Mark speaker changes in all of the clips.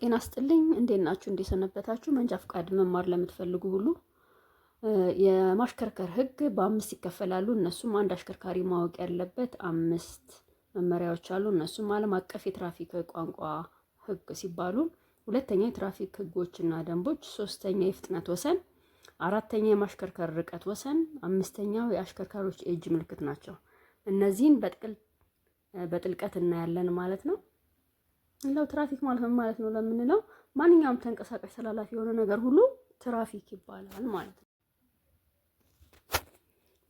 Speaker 1: ጤና ስጥልኝ። እንዴት ናችሁ? ሰነበታችሁ መንጃ ፍቃድ መማር ለምትፈልጉ ሁሉ የማሽከርከር ህግ በአምስት ይከፈላሉ። እነሱም አንድ አሽከርካሪ ማወቅ ያለበት አምስት መመሪያዎች አሉ። እነሱም ዓለም አቀፍ የትራፊክ ቋንቋ ህግ ሲባሉ፣ ሁለተኛ የትራፊክ ህጎችና ደንቦች፣ ሶስተኛ የፍጥነት ወሰን፣ አራተኛ የማሽከርከር ርቀት ወሰን፣ አምስተኛው የአሽከርካሪዎች የእጅ ምልክት ናቸው። እነዚህን በጥልቀት እናያለን ማለት ነው። ሌላው ትራፊክ ማለት ነው ማለት ነው ለምንለው ማንኛውም ተንቀሳቃሽ ተላላፊ የሆነ ነገር ሁሉ ትራፊክ ይባላል ማለት ነው።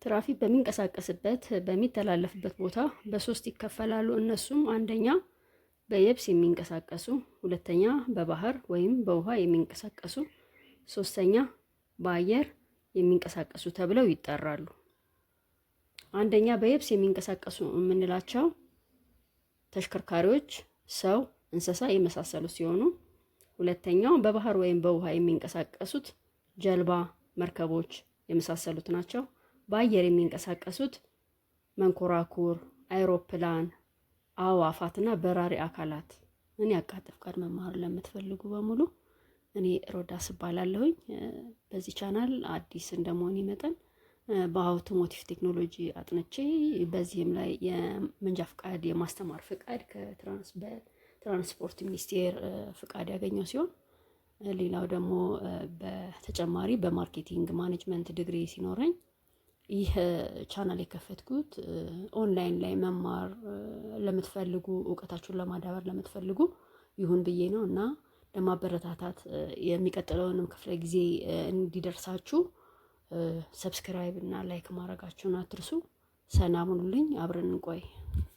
Speaker 1: ትራፊክ በሚንቀሳቀስበት በሚተላለፍበት ቦታ በሶስት ይከፈላሉ። እነሱም አንደኛ በየብስ የሚንቀሳቀሱ፣ ሁለተኛ በባህር ወይም በውሃ የሚንቀሳቀሱ፣ ሶስተኛ በአየር የሚንቀሳቀሱ ተብለው ይጠራሉ። አንደኛ በየብስ የሚንቀሳቀሱ የምንላቸው ተሽከርካሪዎች ሰው እንስሳ የመሳሰሉ ሲሆኑ ሁለተኛው በባህር ወይም በውሃ የሚንቀሳቀሱት ጀልባ፣ መርከቦች የመሳሰሉት ናቸው። በአየር የሚንቀሳቀሱት መንኮራኩር፣ አይሮፕላን፣ አዋፋት አዋፋትና በራሪ አካላት። እኔ አቃቂ ፈቃድ መማር ለምትፈልጉ በሙሉ እኔ ሮዳስ እባላለሁኝ። በዚህ ቻናል አዲስ እንደመሆን ይመጠን በአውቶሞቲቭ ቴክኖሎጂ አጥንቼ በዚህም ላይ የመንጃ ፈቃድ የማስተማር ፍቃድ ከትራንስ ትራንስፖርት ሚኒስቴር ፍቃድ ያገኘው ሲሆን ሌላው ደግሞ በተጨማሪ በማርኬቲንግ ማኔጅመንት ድግሪ ሲኖረኝ ይህ ቻናል የከፈትኩት ኦንላይን ላይ መማር ለምትፈልጉ እውቀታችሁን ለማዳበር ለምትፈልጉ ይሁን ብዬ ነው እና ለማበረታታት የሚቀጥለውንም ክፍለ ጊዜ እንዲደርሳችሁ ሰብስክራይብ እና ላይክ ማድረጋችሁን አትርሱ። ሰላም ሁኑልኝ። አብረን እንቆይ።